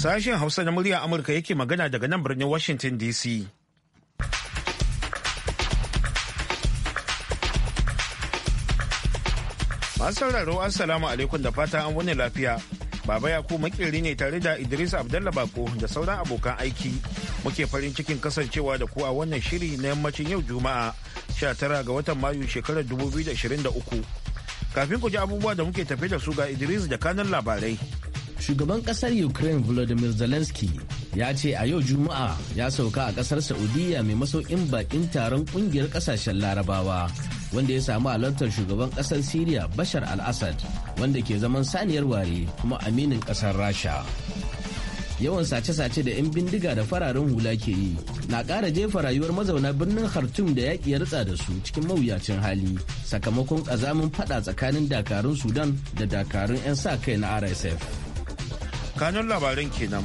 Sashen Hausa na murya Amurka yake magana daga nan birnin Washington DC. Masu sauraro Assalamu alaikum da fata an wani lafiya. Baba Yaku makeri ne tare da Idris Abdallah Bako da sauran abokan aiki. Muke farin cikin kasancewa da ku a wannan shiri na yammacin yau Juma'a 19 ga watan Mayu shekarar 2023. Kafin ku ji abubuwa da muke tafe da su ga Idris da kanan labarai. shugaban kasar ukraine volodymyr zelensky ya ce a yau juma'a ya sauka a kasar saudiya mai masaukin bakin taron kungiyar kasashen larabawa wanda ya samu halartar shugaban kasar syria bashar al-assad wanda ke zaman saniyar ware kuma aminin kasar rasha yawan sace-sace da 'yan bindiga da fararen hula ke yi na kara jefa rayuwar mazauna birnin khartoum da yaƙi ya ritsa da su cikin mawuyacin hali sakamakon ƙazamin fada tsakanin dakarun sudan da dakarun 'yan sa kai na rsf kanun labaran kenan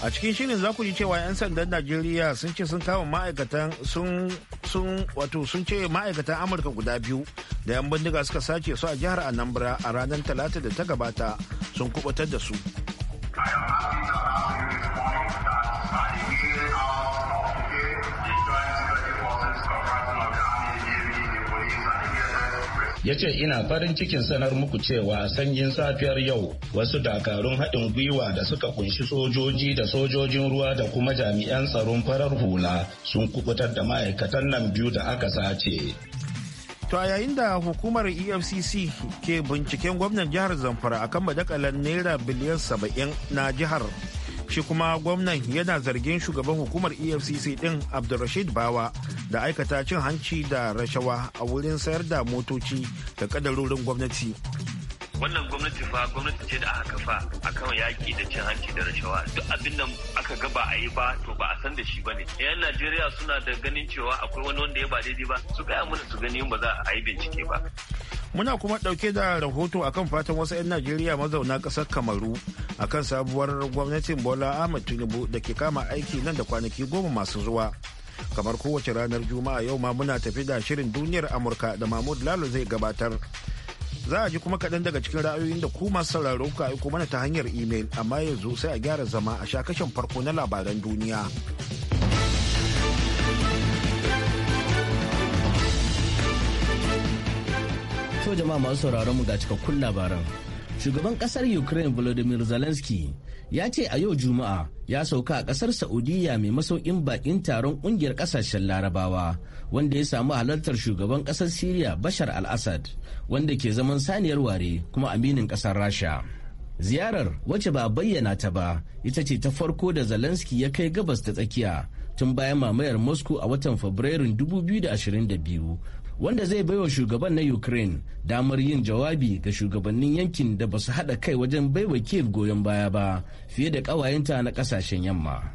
a cikin shirin za ku ji cewa 'yan sandan najeriya sun ce sun kama ma'aikatan sun sun wato sun ce ma'aikatan amurka guda biyu da 'yan bindiga suka sace su a jihar anambra a ranar talata da ta gabata sun kubutar da su ya ce ina farin cikin sanar muku cewa sanyin safiyar yau wasu dakarun haɗin gwiwa da suka kunshi sojoji da sojojin ruwa da kuma jami'an tsaron farar hula sun kubutar da ma'aikatan nan biyu da aka sace. To a yayin da hukumar EFCC ke binciken gwamnan jihar Zamfara akan madakalar naira biliyan saba'in na jihar shi kuma gwamnan yana zargin shugaban hukumar efcc din abdulrashid bawa da aikata cin hanci da rashawa a wurin sayar da motoci da kadarorin gwamnati wannan gwamnati fa gwamnati ce da aka kafa akan yaki da cin hanci da rashawa duk abin da aka ga ba a yi ba to ba a san da shi ba ne yan najeriya suna da ganin cewa akwai wani wanda ya ba daidai ba su gaya mana su gani ba za a yi bincike ba Muna kuma ɗauke da rahoto akan fatan wasu 'yan Najeriya mazauna ƙasar Kamaru akan sabuwar gwamnatin Bola Ahmed Tinubu da ke kama aiki nan da kwanaki goma masu zuwa. Kamar kowace ranar Juma'a yau ma muna tafi da shirin duniyar Amurka da Mahmud Lalo zai gabatar. Za a ji kuma kaɗan daga cikin ra'ayoyin da ku masu sauraro ku aiko mana ta hanyar imel amma yanzu sai a gyara zama a sha kashen farko na labaran duniya. to jama'a masu sauraron mu ga cikakkun labaran. Shugaban kasar Ukraine Volodymyr Zelensky ya ce a yau Juma'a ya sauka a kasar Saudiya mai masaukin bakin taron kungiyar kasashen Larabawa wanda ya samu halartar shugaban kasar Syria Bashar al-Assad wanda ke zaman saniyar ware kuma aminin kasar Rasha. Ziyarar wacce ba bayyana ta ba ita ce ta farko da Zelensky ya kai gabas ta tsakiya tun bayan mamayar Moscow a watan Fabrairun 2022 wanda zai baiwa shugaban na Ukraine damar yin jawabi ga shugabannin yankin da ba su haɗa kai wajen baiwa Kiev goyon baya ba fiye da ƙawayenta na ƙasashen yamma.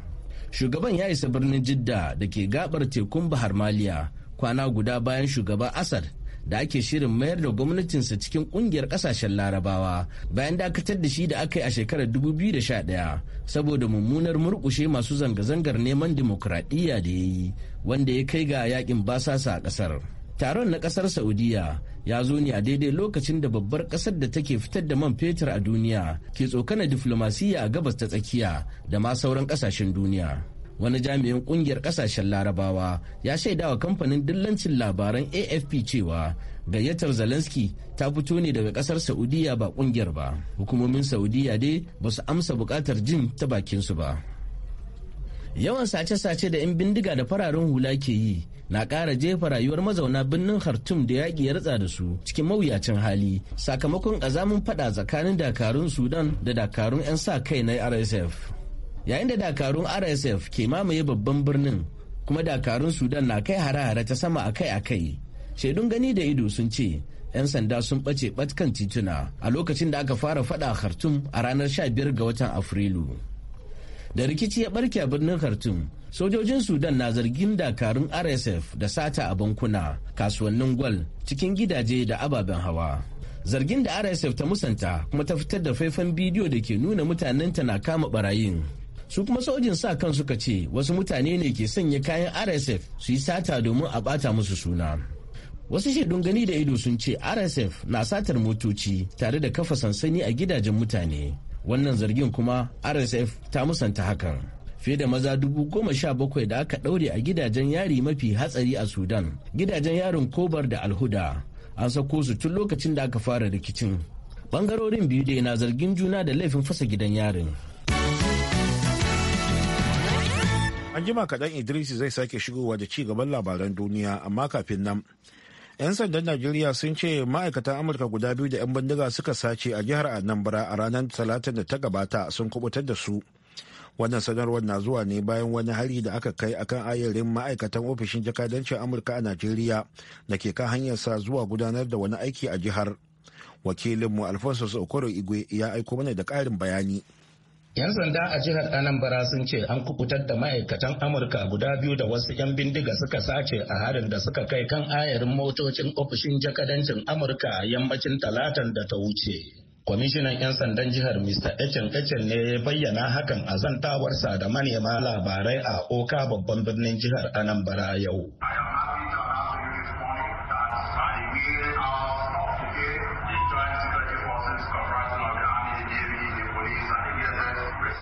Shugaban ya isa birnin Jidda da ke gabar tekun Bahar Maliya kwana guda bayan shugaba Assad da ake shirin mayar da gwamnatinsa cikin kungiyar kasashen larabawa bayan dakatar da shi da aka yi a shekarar 2011 saboda mummunar murkushe masu zanga-zangar neman dimokuraɗiyya da ya yi wanda ya kai ga yakin basasa a ƙasar. taron na kasar saudiya ya zo ne a daidai lokacin da babbar kasar da take fitar da man fetur a duniya ke tsokana diflomasiyya a gabas ta tsakiya da ma sauran kasashen duniya wani jami'in kungiyar kasashen larabawa ya shaida wa kamfanin dillancin labaran afp cewa gayyatar zelensky ta fito ne daga kasar saudiya ba kungiyar ba hukumomin saudiya dai ba su amsa bukatar jin ta bakinsu ba yawan sace-sace da 'yan bindiga da fararen hula ke yi na ƙara jefa rayuwar mazauna birnin Khartoum da yaƙi ya ratsa da su cikin mawuyacin hali sakamakon ƙazamin faɗa tsakanin dakarun Sudan da dakarun 'yan sa kai na RSF. Yayin da dakarun RSF ke mamaye babban birnin kuma dakarun Sudan na kai hare-hare ta sama akai-akai. Shaidun gani da ido sun ce 'yan sanda sun ɓace ɓatkan tituna a lokacin da aka fara faɗa Khartoum a ranar 15 ga watan Afrilu. da rikici ya barke a birnin khartoum sojojin sudan na zargin dakarun rsf da sata a bankuna kasuwannin gwal cikin gidaje da ababen hawa zargin da rsf ta musanta kuma ta fitar da faifan bidiyo da ke nuna mutanenta na kama barayin su kuma sojin sa kan suka ce wasu mutane ne ke sanya kayan rsf su yi sata domin a bata musu suna wasu shaidun gani da ido sun ce rsf na satar motoci tare da kafa sansani a gidajen mutane wannan zargin kuma rsf ta musanta hakan fiye da maza dubu goma sha bakwai da aka ɗaure a gidajen yari mafi hatsari a sudan gidajen yarin kobar da alhuda an sako su tun lokacin da aka fara rikicin bangarorin biyu da na zargin juna da laifin fasa gidan yarin an jima kaɗan idris zai sake shigowa da ci gaban labaran duniya amma kafin nan 'Yan sandan Najeriya sun ce ma'aikatan Amurka guda biyu da 'yan bindiga suka sace a jihar Anambra a ranar talatin da ta gabata sun kubutar da su. Wannan sanarwar na zuwa ne bayan wani hari da aka kai akan ayarin ma'aikatan ofishin jakadancin Amurka a Najeriya da ke kan hanyarsa zuwa gudanar da wani aiki a jihar. Wakilinmu Alfonso Okoro Igwe ya aiko mana da ƙarin bayani. 'Yan sanda a jihar Anambra sun ce an kubutar da ma'aikatan Amurka guda biyu da wasu 'yan bindiga suka sace a harin da suka kai kan ayarin motocin ofishin jakadancin Amurka yammacin talatan da ta wuce. Kwamishinan 'yan sandan jihar Mr. Echen Echen ne ya bayyana hakan a zantawarsa da manema labarai a Oka babban birnin jihar Anambra yau.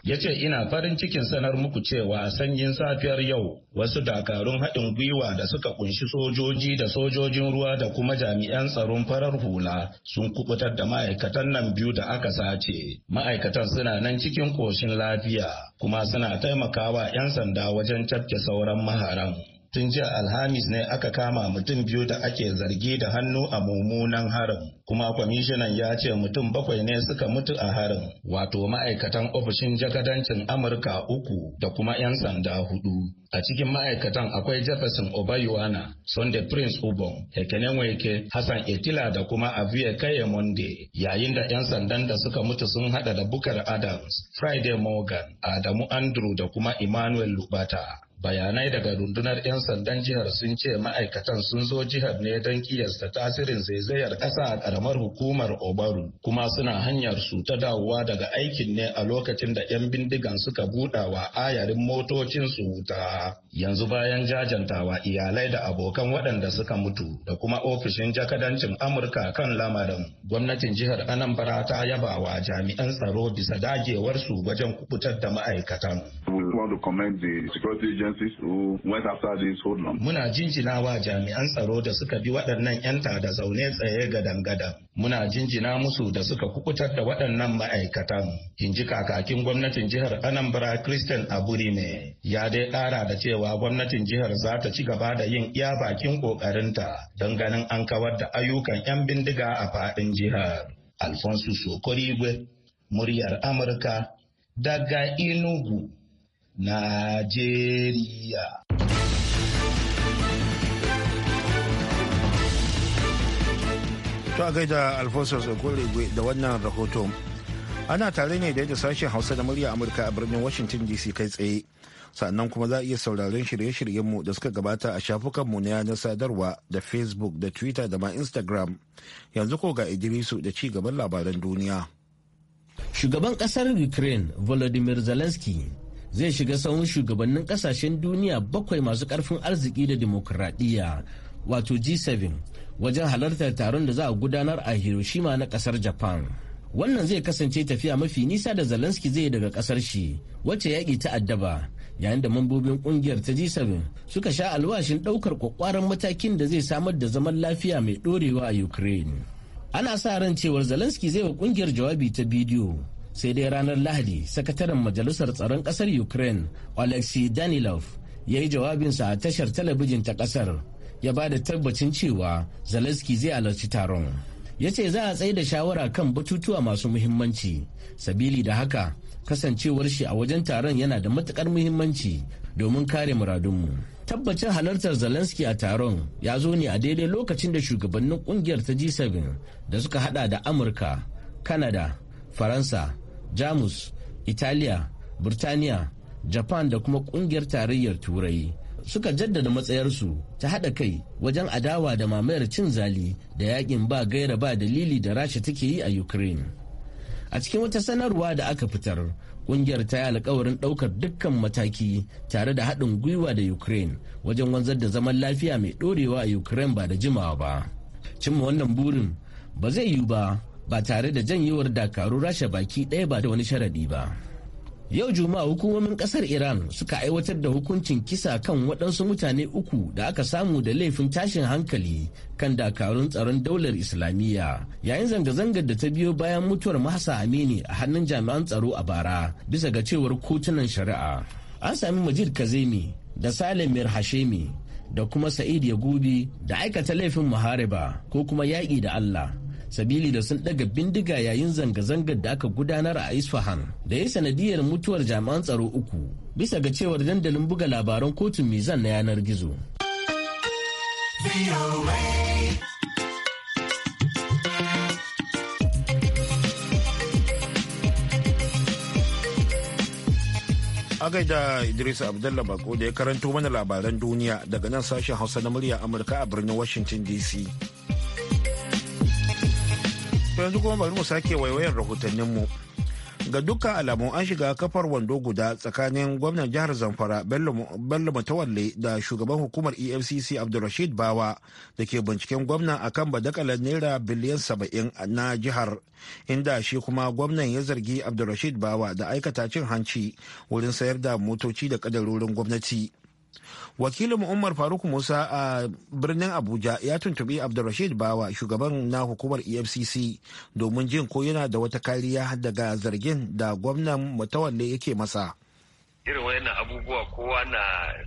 ya ce ina farin cikin sanar muku cewa sanyin safiyar yau wasu dakarun haɗin gwiwa da suka kunshi sojoji da sojojin ruwa da kuma jami'an tsaron farar hula sun kubutar da ma'aikatan nan biyu da aka sace ma'aikatan suna nan cikin ƙoshin lafiya kuma suna taimakawa 'yan sanda wajen cafke sauran maharan tun jiya alhamis ne aka kama mutum biyu da ake zargi da hannu a mummunan harin kuma kwamishinan ya ce mutum bakwai ne suka mutu a harin wato ma'aikatan ofishin jakadancin amurka uku da kuma 'yan sanda hudu a cikin ma'aikatan akwai jefferson obayuana sunday prince ubon Hekenen weke hassan etila da kuma avie kaye monde yayin da 'yan sandan da suka mutu sun hada da bukar adams friday morgan adamu andrew da kuma emmanuel lubata bayanai daga rundunar 'yan sandan jihar sun ce ma'aikatan sun zo jihar ne don kiyasta tasirin zaizayar ƙasa a ƙaramar hukumar obaru kuma suna hanyar su ta dawowa daga aikin ne a lokacin da 'yan bindigan suka buɗa wa ayarin motocin su wuta yanzu bayan jajantawa iyalai da abokan waɗanda suka mutu da kuma ofishin jakadancin amurka kan lamarin gwamnatin jihar anambra ta yaba wa jami'an tsaro bisa dagewar su wajen kubutar da ma'aikatan want to commend the security agencies who went after this hoodlum. Muna jinjinawa jami'an tsaro da suka bi waɗannan 'yan da zaune tsaye gadan-gadan. Muna jinjina musu da suka kukutar da waɗannan ma'aikatan. In ji kakakin gwamnatin jihar Anambra Christian Aburime ya dai ƙara da cewa gwamnatin jihar za ta ci gaba da yin iya bakin ƙoƙarinta don ganin an kawar da ayyukan 'yan bindiga a faɗin jihar. Alfonso Sokorigwe, muryar Amurka, daga Inugu. Najeriya. To a gaida Alfonso Sokolegwe da wannan rahoto. Ana tare ne da yadda sashen Hausa da murya Amurka a birnin Washington DC kai tsaye. Sannan kuma za a iya sauraron shirye-shiryenmu da suka gabata a shafukanmu na yanar sadarwa da Facebook da Twitter da ma Instagram. Yanzu ko ga Idrisu da ci gaban labaran duniya. Shugaban kasar Ukraine Volodymyr Zelensky zai shiga sahun shugabannin kasashen duniya bakwai masu karfin arziki da demokuraɗiyya wato g7 wajen halartar taron da za a gudanar a hiroshima na kasar japan wannan zai kasance tafiya mafi nisa da zelensky zai daga kasar shi wacce yaƙi ta addaba yayin da mambobin kungiyar ta g7 suka sha alwashin ɗaukar kwakwaran matakin da zai samar da zaman lafiya mai ɗorewa a ukraine ana sa ran cewar zelensky zai wa kungiyar jawabi ta bidiyo sai dai ranar lahadi sakataren majalisar tsaron kasar ukraine alexei danilov ya yi jawabinsa a tashar talabijin ta kasar ya ba da tabbacin cewa zelensky zai halarci taron ya ce za a tsaye da shawara kan batutuwa masu muhimmanci sabili da haka kasancewar shi a wajen taron yana da matukar muhimmanci domin kare muradunmu tabbacin halartar zelensky a taron ya zo ne a daidai lokacin da shugabannin kungiyar ta g7 da suka hada da amurka kanada faransa jamus italiya burtaniya japan da kuma kungiyar tarayyar turai suka jaddada matsayarsu ta haɗa kai wajen adawa da mamayar cin zali da yakin ba gaira ba dalili da rasha take yi a ukraine a cikin wata sanarwa da aka fitar kungiyar ta yi alkawarin ɗaukar dukkan mataki tare da haɗin gwiwa da ukraine wajen wanzar da zaman lafiya mai ɗorewa a ukraine ba da jimawa ba cimma wannan burin ba zai yiwu ba ba tare da janyewar dakarun rasha baki ɗaya ba da wani sharadi ba yau juma'a hukumomin ƙasar iran suka aiwatar da hukuncin kisa kan waɗansu mutane uku da aka samu da laifin tashin hankali kan dakarun tsaron daular islamiyya yayin zanga-zangar da ta biyo bayan mutuwar mahsa amini a hannun jami'an tsaro a bara bisa ga cewar kotunan shari'a an sami majid kazemi da salim mir hashemi da kuma sa'id yagubi da aikata laifin muhariba ko kuma yaƙi da allah sabili da sun daga bindiga yayin zanga-zangar da aka gudanar a isfahan da ya sanadiyar mutuwar jami'an tsaro uku bisa ga cewar dandalin buga labaran kotun mizan na yanar gizo a Idris abdulla Bako da ya karanto mana labaran duniya daga nan sashen Hausa na murya Amurka a birnin Washington DC. yanzu kuma bari mu sake rahotannin rahotanninmu. Ga duka alamu an shiga kafar wando guda tsakanin gwamnan jihar Zamfara Bello Mutawalle da shugaban hukumar EFCC Abdulrashid Bawa da ke binciken gwamnan akan badakalar naira biliyan saba'in na jihar inda shi kuma gwamnan ya zargi Abdulrashid Bawa da aikata cin hanci wurin sayar da motoci da kadarorin gwamnati. wakilin umar faruk musa a birnin abuja ya tuntubi abdulrashid bawa shugaban na hukumar efcc domin jin ko yana da wata kariya daga zargin da gwamnan mutawalle yake masa irin wayannan abubuwa kowa na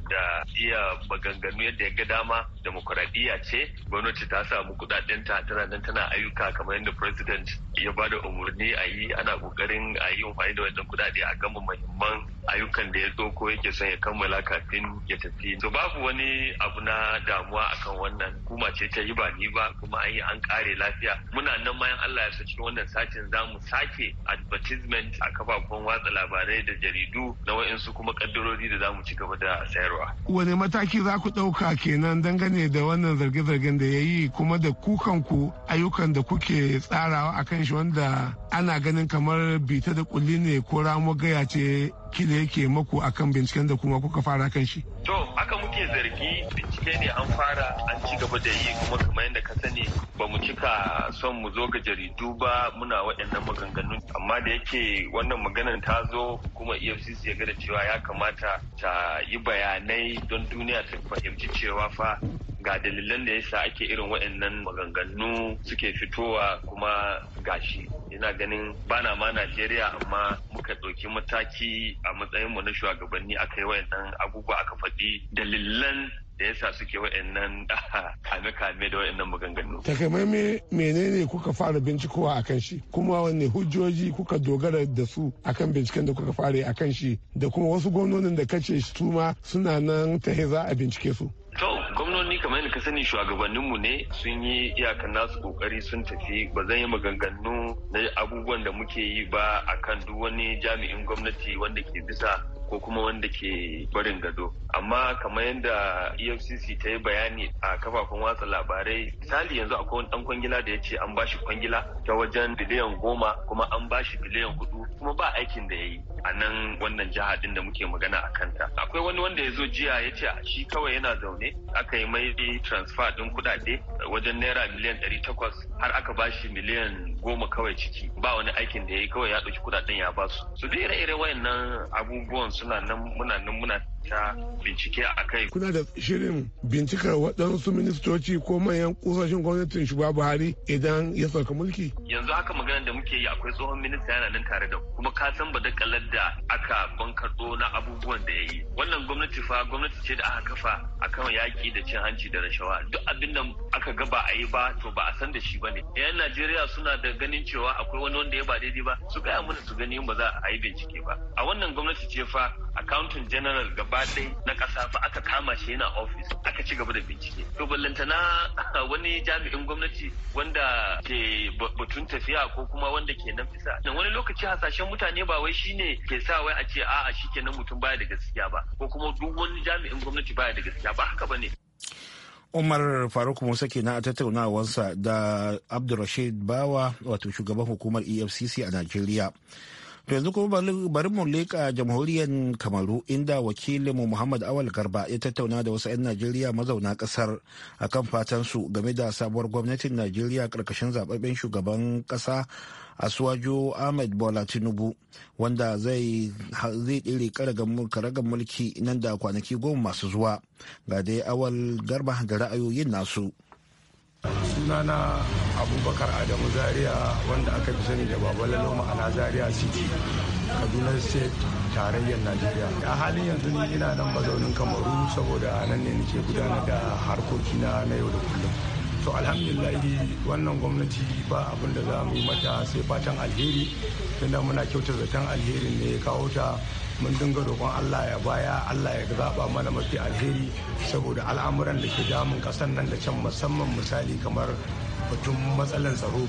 da iya maganganu yadda ya ga dama demokuraɗiyya ce gwamnati ta samu kudaden ta tana nan tana ayyuka kamar yadda president ya ba da umarni a yi ana kokarin a yi amfani da wannan kudade a gama muhimman ayyukan da ya doko yake son ya kammala kafin ya tafi to babu wani abu na damuwa akan wannan kuma ce ta yi ba ni ba kuma an yi an kare lafiya muna nan bayan Allah ya saki wannan satin zamu sake advertisement a kafafen watsa labarai da jaridu na wa'insu wasu kuma kaddarori da za mu ci gaba da sayarwa. Wane mataki za ku ɗauka kenan dangane da wannan zarge-zargen da ya yi kuma da kukanku ayyukan da kuke tsarawa a kan shi wanda ana ganin kamar bita da kulli ne ko ramu gaya ce kila yake maku akan binciken da kuma kuka fara kan shi. To, haka muke zargi bincike ne an fara an ci gaba da yi kuma kamar yadda ka sani ba mu cika son mu zo ga jaridu ba muna waɗannan maganganu amma da yake wannan maganar ta zo kuma efcc ya gada cewa ya kamata ta yi bayanai don duniya ta fahimci cewa fa ga dalilan da yasa ake irin waɗannan maganganu suke fitowa kuma gashi ina ganin bana ma Najeriya amma muka ɗauki mataki a matsayinmu na shugabanni aka yi waɗannan abubuwa aka faɗi dalilan da yasa suke wa'annan kame-kame da wa'annan maganganu. Takamaimai menene kuka fara bincikowa a kan shi kuma wanne hujjoji kuka dogara da su a kan binciken da kuka fara a kan shi da kuma wasu gwamnonin da kace shi tuma suna nan ta za a bincike su. To, gwamnoni kamar yadda ka sani shugabanninmu ne sun yi iyakan nasu kokari sun tafi ba zan yi maganganu na abubuwan da muke yi ba akan duk wani jami'in gwamnati wanda ke bisa ko kuma wanda ke barin gado amma kamar yadda efcc ta yi bayani a kafafen watsa labarai misali yanzu akwai wani dan kwangila da ya ce an bashi kwangila ta wajen biliyan goma kuma an bashi biliyan hudu kuma ba aikin da ya yi a nan wannan jiha din da muke magana a kanta akwai wani wanda ya zo jiya ya ce shi kawai yana zaune aka yi mai transfer din kudade wajen naira miliyan ɗari takwas har aka bashi miliyan goma kawai ciki ba wani aikin da ya yi kawai ya ɗauki kudaden ya basu su dai ire-ire wayannan abubuwan suna nan muna nan muna ta bincike a kai. Kuna da shirin bincikar waɗansu ministoci ko manyan ƙusashen gwamnatin shugaba Buhari idan ya sauka mulki? Yanzu haka maganar da muke yi akwai tsohon minista yana nan tare da kuma ka san ba da da aka bankaɗo na abubuwan da ya yi. Wannan gwamnati fa gwamnati ce da aka kafa akan yaƙi da cin hanci da rashawa. Duk abin da aka ga ba a yi ba to ba a san da shi ba ne. 'Yan Najeriya suna da ganin cewa akwai wani wanda ya ba daidai ba su gaya mana su gani ba za a yi bincike ba. A wannan gwamnati ce fa accountant general gaba ɗaya na kasa ba aka kama shi yana office aka ci gaba da bincike to ballantana wani jami'in gwamnati wanda ke batun tafiya ko kuma wanda ke nan fisa nan wani lokaci hasashen mutane ba wai shine ke sa wai a ce a'a shikenan mutum baya da gaskiya ba ko kuma duk wani jami'in gwamnati baya da gaskiya ba haka bane umar faruk musa kenan a tattaunawarsa da abdulrashid bawa wato shugaban hukumar efcc a najeriya to yanzu kuma bari mu leƙa jamhuriyar kamaru inda wakilinmu muhammad awal garba ya tattauna da wasu 'yan najeriya mazauna ƙasar akan fatan su game da sabuwar gwamnatin najeriya karkashin zababben shugaban ƙasa asuwajo ahmed bola tinubu wanda zai ɗire karagar mulki nan da kwanaki goma masu zuwa ga dai awal garba da ra'ayoyin nasu. sunana abubakar adamu zaria wanda aka fi sani da babalaloma lalo ma'ana zaria city kaduna state tarayyar najeriya a halin yanzu ni ina nan mazaunin kamaru saboda nan ne nake gudanar da harkoki na yau da kullum to alhamdulillahi wannan gwamnati ba abin da za mu yi mata sai fatan alheri tunda muna kyauta zaton alherin ne ya kawo ta mun dinga roƙon Allah ya baya Allah ya zaɓa mana mafi alheri saboda al'amuran da ke damun ƙasar nan da can musamman misali kamar batun matsalar tsaro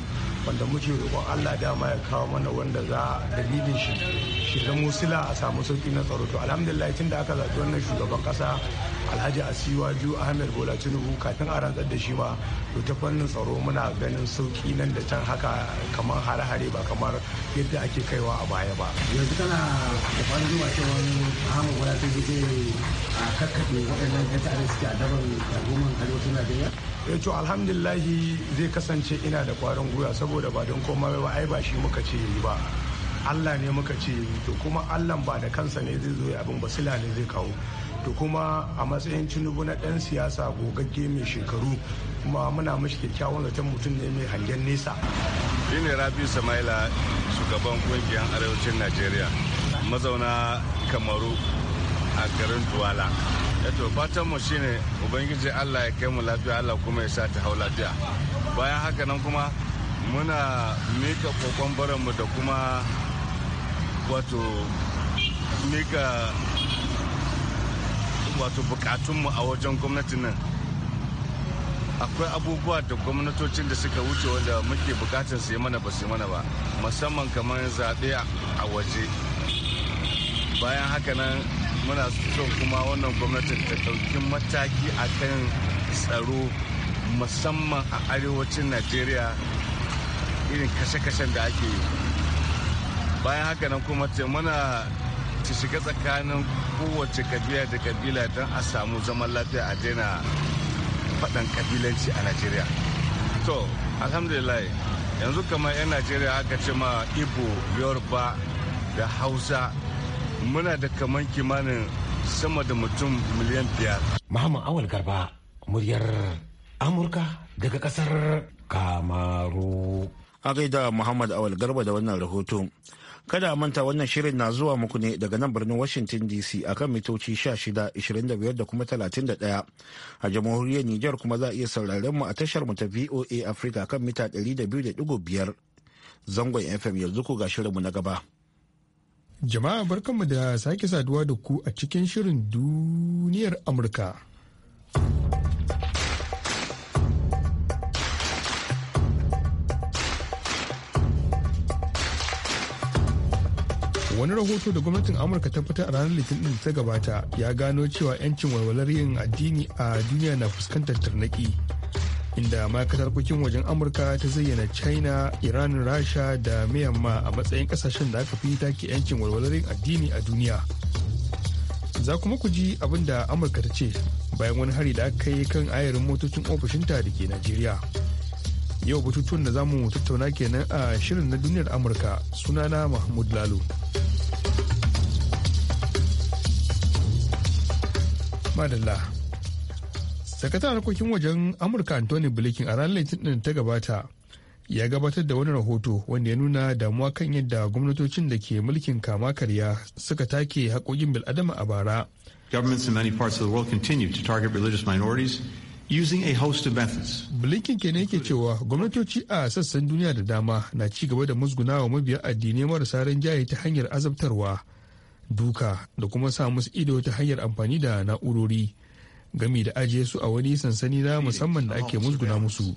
wanda muke roƙon Allah dama ya kawo mana wanda za dalilin shi shi zamo sila a samu sauki na tsaro to alhamdulillah tun da aka zaɓi wannan shugaban ƙasa alhaji asiwaju ahmed bola tinubu kafin a rantsar da shi ma to ta fannin tsaro muna ganin sauki nan da can haka kamar hare-hare ba kamar yadda ake kaiwa a baya ba yanzu tana da kwanan zuwa cewa ahmed bola tinubu zai a kakkaɓe waɗannan yan ta'adda suke a daban al'umman arewacin najeriya ya eh, to alhamdulahi zai kasance ina da kwarin gwiwa saboda ba don koma ba ai ba shi muka ce yi ba allah ne muka ce yi to kuma allah ba da kansa ne zai zo ya abin basila ne zai kawo to kuma a matsayin tinubu na ɗan siyasa gogagge mai shekaru kuma muna mashi kyakkyawan zaton mutum ne mai hangen nesa shine rabi samaila shugaban kungiyar arewacin najeriya mazauna kamaru a garin duwala eto eh, fatan mu shine ubangiji allah ya kai mu lafiya allah kuma ya sa ta hau lafiya bayan haka nan kuma muna mika kokon mu da kuma wato mika wato bukatunmu a wajen gwamnatin nan akwai abubuwa da gwamnatocin da suka wuce wanda muke bukatar su yi mana ba su mana ba musamman kamar zaɓe a waje bayan haka nan muna so kuma wannan gwamnatin ta ɗauki mataki a kan tsaro musamman a arewacin najeriya irin kashe-kashen da ake yi bayan haka nan kuma ce muna ta shiga tsakanin kowace kabila da kabila don a samu zaman lafiya a daina faɗan kabilanci a najeriya to alhamdulillah yanzu kamar 'yan najeriya aka ce ma ibo yoruba da hausa muna da kamar kimanin sama da mutum miliyan biyar. Muhammad Awal Garba muryar Amurka daga kasar Kamaru. A gaida Muhammad Awal Garba da wannan rahoto. Kada manta wannan shirin na zuwa muku ne daga nan birnin Washington DC akan mitoci 16, 25 da kuma 31. A jamhuriyar Nijar kuma za a iya sauraren mu a tashar mu ta VOA Africa kan mita 200.5 zangon FM yanzu ku ga shirinmu na gaba. Jama'a barkanmu da sake saduwa da ku a cikin shirin duniyar Amurka. Wani rahoto da gwamnatin Amurka ta fitar a ranar Litinin ta gabata ya gano cewa 'yancin walwalar yin addini a duniya na fuskantar tarnaki. inda ma'aikatar kukin wajen amurka ta zayyana china iran rasha da miyamma a matsayin kasashen da aka fi take yankin walwalarin addini a duniya za kuma ku ji abin da amurka ta ce bayan wani hari da aka yi kan ayarin motocin ofishinta da ke najeriya yau batutuwan da zamu tattauna kenan a shirin na duniyar amurka sunana mahmud lalo madalla sakataren harkokin wajen amurka anthony blinken a ranar litinin ta gabata ya gabatar da wani rahoto wanda ya nuna damuwa kan yadda gwamnatocin da ke mulkin kama karya suka take haƙoƙin bil'adama a bara Governments in many parts of the world target religious minorities using a host of methods. Blinken kenan yake cewa gwamnatoci a sassan duniya da dama na ci gaba da wa mabiya addinai marasa rinjaye ta hanyar azabtarwa, duka da kuma sa musu ido ta hanyar amfani da na'urori. gami da ajiye su a wani sansani na musamman da ake musguna musu.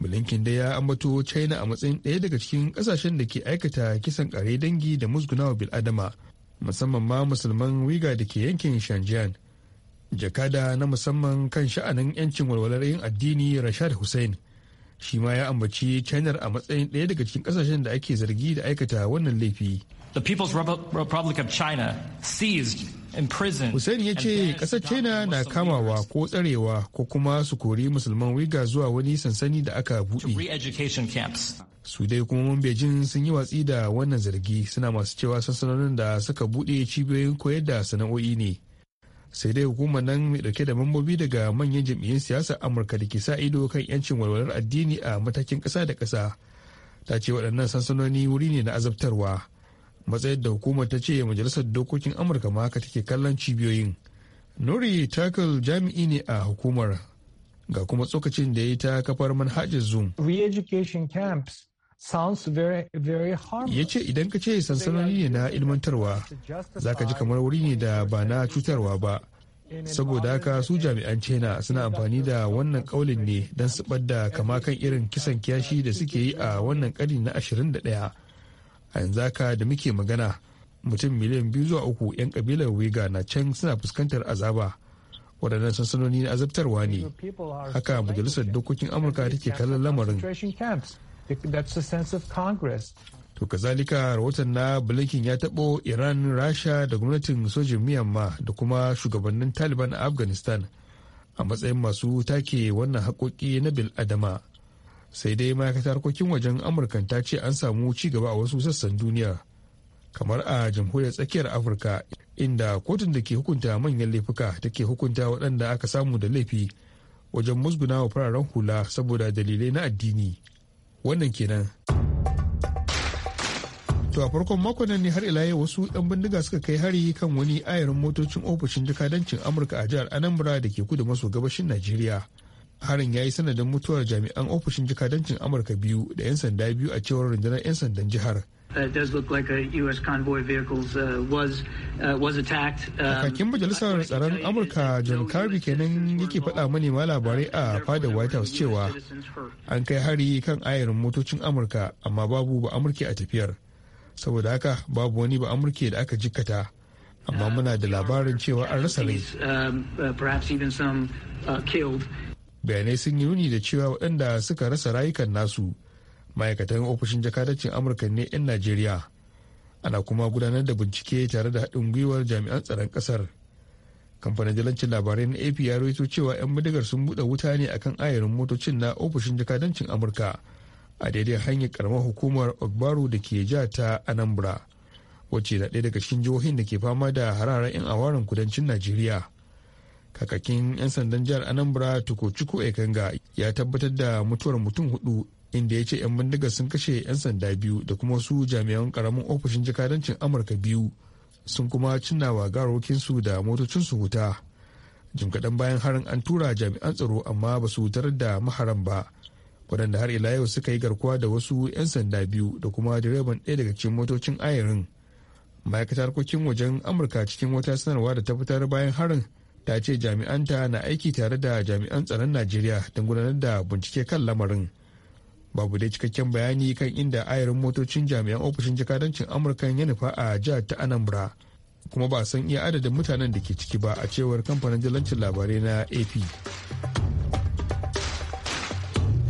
Blinken dai ya ambato China a matsayin ɗaya daga cikin ƙasashen da ke aikata kisan ƙare dangi da musgunawa bil'adama musamman ma musulman wiga da ke yankin Shanjiyan. Jakada na musamman kan sha'anin 'yancin walwalar yin addini Rashad Hussein shi ma ya ambaci China a matsayin ɗaya daga cikin ƙasashen da ake zargi da aikata wannan laifi. the People's Republic of China seized Hussein ya ce ƙasar China na kamawa ko tsarewa ko kuma su kori musulman wiga zuwa wani sansani da aka buɗe. Su dai hukumomin Beijing sun yi watsi da wannan zargi suna masu cewa sansanonin da suka buɗe cibiyoyin koyar da sana'o'i ne. Sai dai hukumar nan mai ɗauke da mambobi daga manyan jam'iyyun siyasar Amurka da ke sa ido kan 'yancin walwalar addini a matakin kasa da kasa Ta ce waɗannan sansanoni wuri ne na azabtarwa. matsayar da hukumar ta ce majalisar dokokin amurka ma haka take kallon cibiyoyin nuri takal jami'i ne a hukumar ga kuma tsokacin da ya yi ta kafar manhajar zoom ya ce idan ka ce sansanoni ne na ilmantarwa za ka ji kamar wuri ne da ba na cutarwa ba saboda haka su jami'an china suna amfani da wannan kaulin ne don su da kama kan irin kisan kiyashi da suke yi a wannan kari na 21 a yanzu haka da muke magana mutum miliyan biyu zuwa uku 'yan kabilar wiga na can suna fuskantar azaba waɗannan sansanoni na azabtarwa ne haka majalisar dokokin amurka take kallon lamarin to kazalika rahoton na blinken ya taɓo iran rasha da gwamnatin sojin miyamma da kuma shugabannin taliban a afghanistan a matsayin masu take wannan haƙoƙi na bil'adama sai dai ma'aikatar harkokin wajen amurkan ta ce an samu ci gaba a wasu sassan duniya kamar a jamhuriyar tsakiyar afirka inda kotun da ke hukunta manyan laifuka take hukunta waɗanda aka samu da laifi wajen musguna wa fararen hula saboda dalilai na addini wannan kenan to a farkon makon nan ne har ila wasu 'yan bindiga suka kai hari kan wani ayarin motocin ofishin jakadancin amurka a jihar anambra da ke kudu maso gabashin najeriya harin ya yi sanadin mutuwar jami'an ofishin jikadancin amurka biyu da 'yan sanda biyu a cewar rundunar 'yan sandan jihar kakakin majalisar tsaron amurka john kirby kenan yake faɗa manema labarai a fadar white house cewa an kai hari kan ayarin motocin amurka amma babu ba amurke a tafiyar saboda haka babu wani ba amurke da aka jikkata amma uh, muna da labarin cewa an rasa rai bayanai sun yi nuni da cewa waɗanda suka rasa rayukan nasu ma'aikatan ofishin jakadancin amurka ne 'yan najeriya ana kuma gudanar da bincike tare da haɗin gwiwar jami'an tsaron ƙasar kamfanin jalancin labarai na ap ya rawaito cewa 'yan madigar sun buɗe wuta ne akan ayarin motocin na ofishin jakadancin amurka a daidai hanyar karamar hukumar ogbaru da ke ja ta anambra wacce na ɗaya daga cikin jihohin da ke fama da hararar 'yan awarin kudancin najeriya kakakin 'yan sandan jihar anambra tukuchuku ekanga ya tabbatar da mutuwar mutum hudu inda ya ce 'yan bindigar sun kashe 'yan sanda biyu da kuma su jami'an karamin ofishin jakadancin amurka biyu sun kuma cinnawa garokinsu da motocinsu wuta jim kaɗan bayan harin an tura jami'an tsaro amma ba su tarar da maharan ba waɗanda har ila yau suka yi garkuwa da wasu 'yan sanda biyu da kuma direban ɗaya daga cikin motocin ayarin ma'aikatar harkokin wajen amurka cikin wata sanarwa da ta fitar bayan harin ta ce jami'anta na aiki tare da jami'an tsaron najeriya don gudanar da bincike kan lamarin babu dai cikakken bayani kan inda ayarin motocin jami'an ofishin jakadancin amurka ya nufa a jihar ta anambra kuma ba san iya adadin mutanen da ke ciki ba a cewar kamfanin jalancin labarai na ap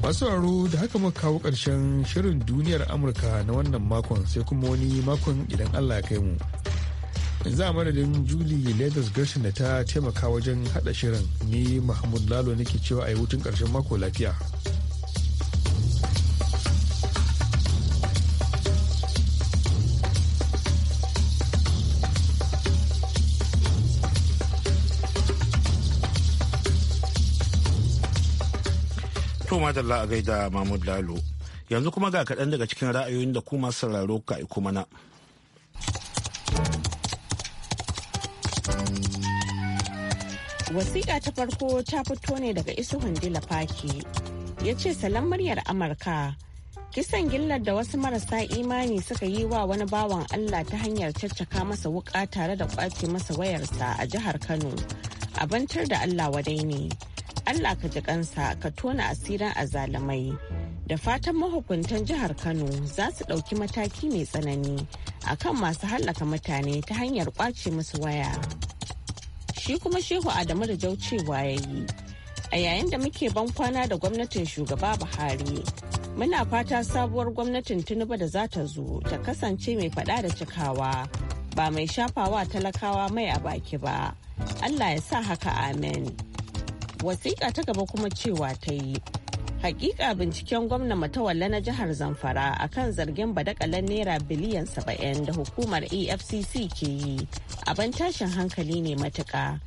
masu aro da haka muka kawo ƙarshen shirin duniyar amurka na wannan makon sai kuma wani makon idan allah ya kai mu yanzu a madadin juli lagos gerson da ta taimaka wajen hada shirin ni mahmud lalo nake cewa a yi hutun karshen mako lafiya To madalla a gaida Mahmud Lalo. Yanzu kuma ga kaɗan daga cikin ra'ayoyin da kuma sauraro ka aiko mana. Wasiƙa ta farko ta fito ne daga Isuhun Dilafaki. Ya ce salon muryar Amurka. Kisan gillar da wasu marasa imani suka yi wa wani bawan Allah ta hanyar caccaka masa wuƙa tare da kwace masa wayarsa a jihar Kano. Abantar da Allah wadai ne. Allah ka ji kansa ka tona asirin azalamai. Da fatan mahukuntan jihar Kano za su ɗauki mataki mai tsanani akan masu hallaka mutane ta hanyar kwace musu waya. shi kuma shehu adamu da jau cewa ya yi a yayin da muke ban kwana da gwamnatin shugaba buhari muna fata sabuwar gwamnatin tinubu da za ta zo ta kasance mai fada da cikawa ba mai shafawa talakawa mai a baki ba allah ya sa haka amen wasiƙa ta gaba kuma cewa ta yi Hakika binciken gwamna matawalla na jihar Zamfara akan zargin badakalan naira biliyan 70 da hukumar EFCC ke yi abin tashin hankali ne matuƙa.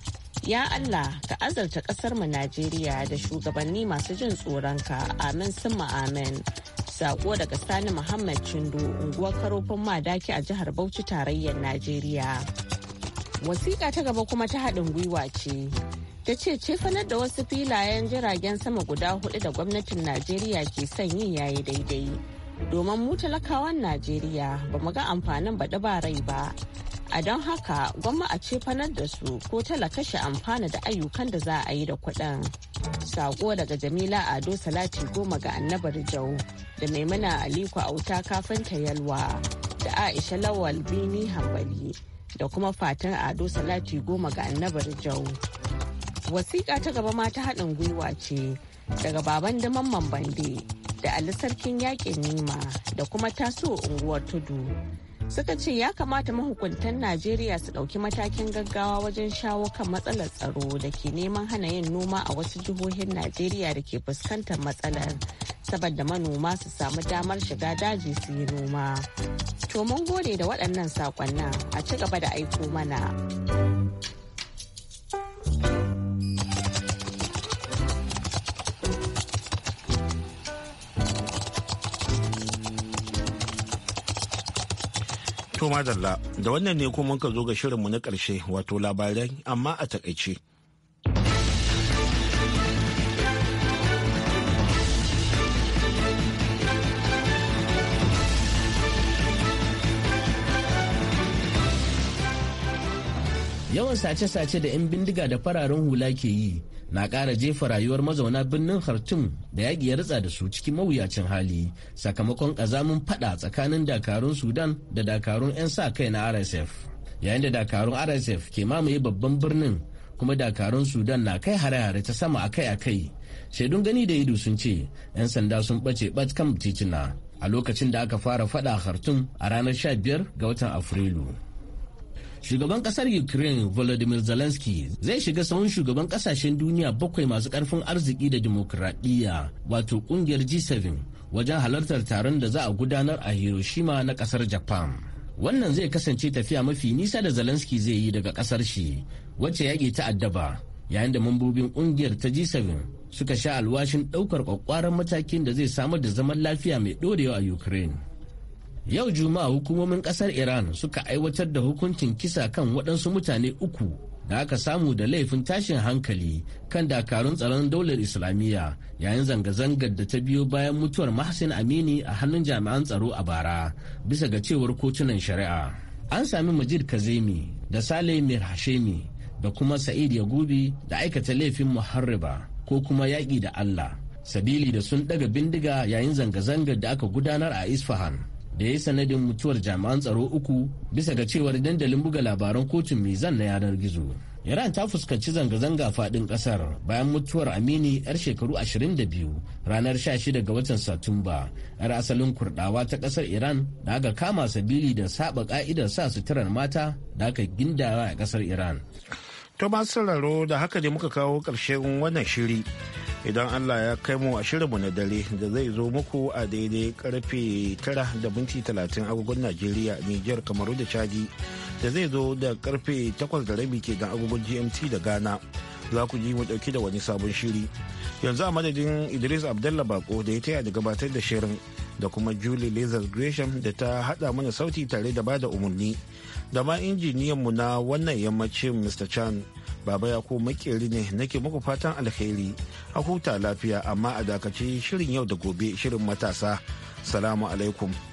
Ya Allah ka azarta kasar mu Najeriya da shugabanni masu jin tsoronka amin summa amin. Sako daga Sani Muhammad Chindo unguwar karofin madaki a jihar Bauchi tarayyar Najeriya. Wasiƙa ta gaba kuma ta haɗin gwiwa ce. ta ce cefanar da wasu filayen jiragen sama guda hudu da gwamnatin najeriya ke son yi yayi daidai domin mu talakawan najeriya ba mu ga amfanin ba rai ba a don haka gwamma a cefanar da su ko talakashe kashe amfana da ayyukan da za a yi da kuɗin sako daga jamila ado salati goma ga annabar jau da maimuna aliko auta kafinta yalwa da aisha lawal bini hambali da kuma fatan ado salati goma ga annabar jau wasiƙa ta gaba ma ta haɗin gwiwa ce daga baban da mamman bande da ali sarkin yaƙin nima da kuma taso unguwar tudu suka ce ya kamata mahukuntan najeriya su ɗauki matakin gaggawa wajen shawo kan matsalar tsaro da ke neman hana yin noma a wasu jihohin najeriya da ke fuskantar matsalar saboda manoma su samu damar shiga daji su yi noma to mun gode da waɗannan saƙonnan a ci gaba da aiko mana. To madalla, da wannan ne kuma ka zo ga shirinmu na ƙarshe wato labarai amma a takaice. Yawan sace-sace da 'yan bindiga da fararen hula ke yi na ƙara jefa rayuwar mazauna birnin Khartoum da yaƙi ya ritsa da su cikin mawuyacin hali sakamakon ƙazamin fada tsakanin dakarun Sudan da dakarun 'yan sa kai na RSF. Yayin da dakarun RSF ke mamaye babban birnin kuma dakarun Sudan na kai hare-hare ta sama akai-akai. Shaidun gani da ido sun ce 'yan sanda sun ɓace ɓat kan titina a lokacin da aka fara fada Khartoum a ranar 15 ga watan Afrilu. Shugaban kasar Ukraine Volodymyr Zelensky zai shiga sahun shugaban kasashen duniya bakwai masu karfin arziki da dimokuraɗiyya wato kungiyar G7 wajen halartar taron da za a gudanar a Hiroshima na kasar Japan. Wannan zai kasance tafiya mafi nisa da Zelensky zai yi daga kasar shi wacce yaƙi ta addaba yayin da mambobin kungiyar ta G7 suka sha alwashin ɗaukar ƙwaƙƙwaran matakin da zai samar da zaman lafiya mai ɗorewa a Ukraine. Yau Juma'a hukumomin kasar Iran suka aiwatar da hukuncin kisa kan waɗansu mutane uku da aka samu da laifin tashin hankali kan dakarun tsaron daular Islamiyya yayin zanga-zangar da ta biyo bayan mutuwar Mahsin Amini a hannun jami'an tsaro a bara bisa ga cewar kotunan shari'a. An sami Majid Kazemi da sale Mir Hashemi da kuma Sa'id Yagubi da aikata laifin muharriba ko kuma yaƙi da Allah sabili da sun ɗaga bindiga yayin zanga-zangar da aka gudanar a Isfahan. da ya sanadin mutuwar jami'an tsaro uku bisa ga cewar dandalin buga labaran kotun mizan na yanar gizo iran ta fuskanci zanga-zanga fadin kasar bayan mutuwar amini 'yar shekaru 22 ranar 16 ga watan satumba 'yar asalin kurdawa ta kasar iran da aka kama sabili da saba ka'idar sa suturar mata da aka gindawa a kasar iran To masu sauraro da haka ne muka kawo ƙarshen wannan shiri. Idan Allah ya kai mu a shirinmu na dare da zai zo muku a daidai karfe 9 da minti 30 agogon Najeriya, Nijar, Kamaru da Chadi da zai zo da karfe 8 da rabi ke agogon GMT da Ghana. za ku ji mu dauki da wani sabon shiri yanzu a madadin idris abdallah bako da ya taya da gabatar da shirin da kuma julie lazar gresham da ta hada mana sauti tare da bada umarni da ma injiniyan mu na wannan yammacin mr chan baba ya ko makeri ne nake muku fatan alheri a huta lafiya amma a dakace shirin yau da gobe shirin matasa salamu alaikum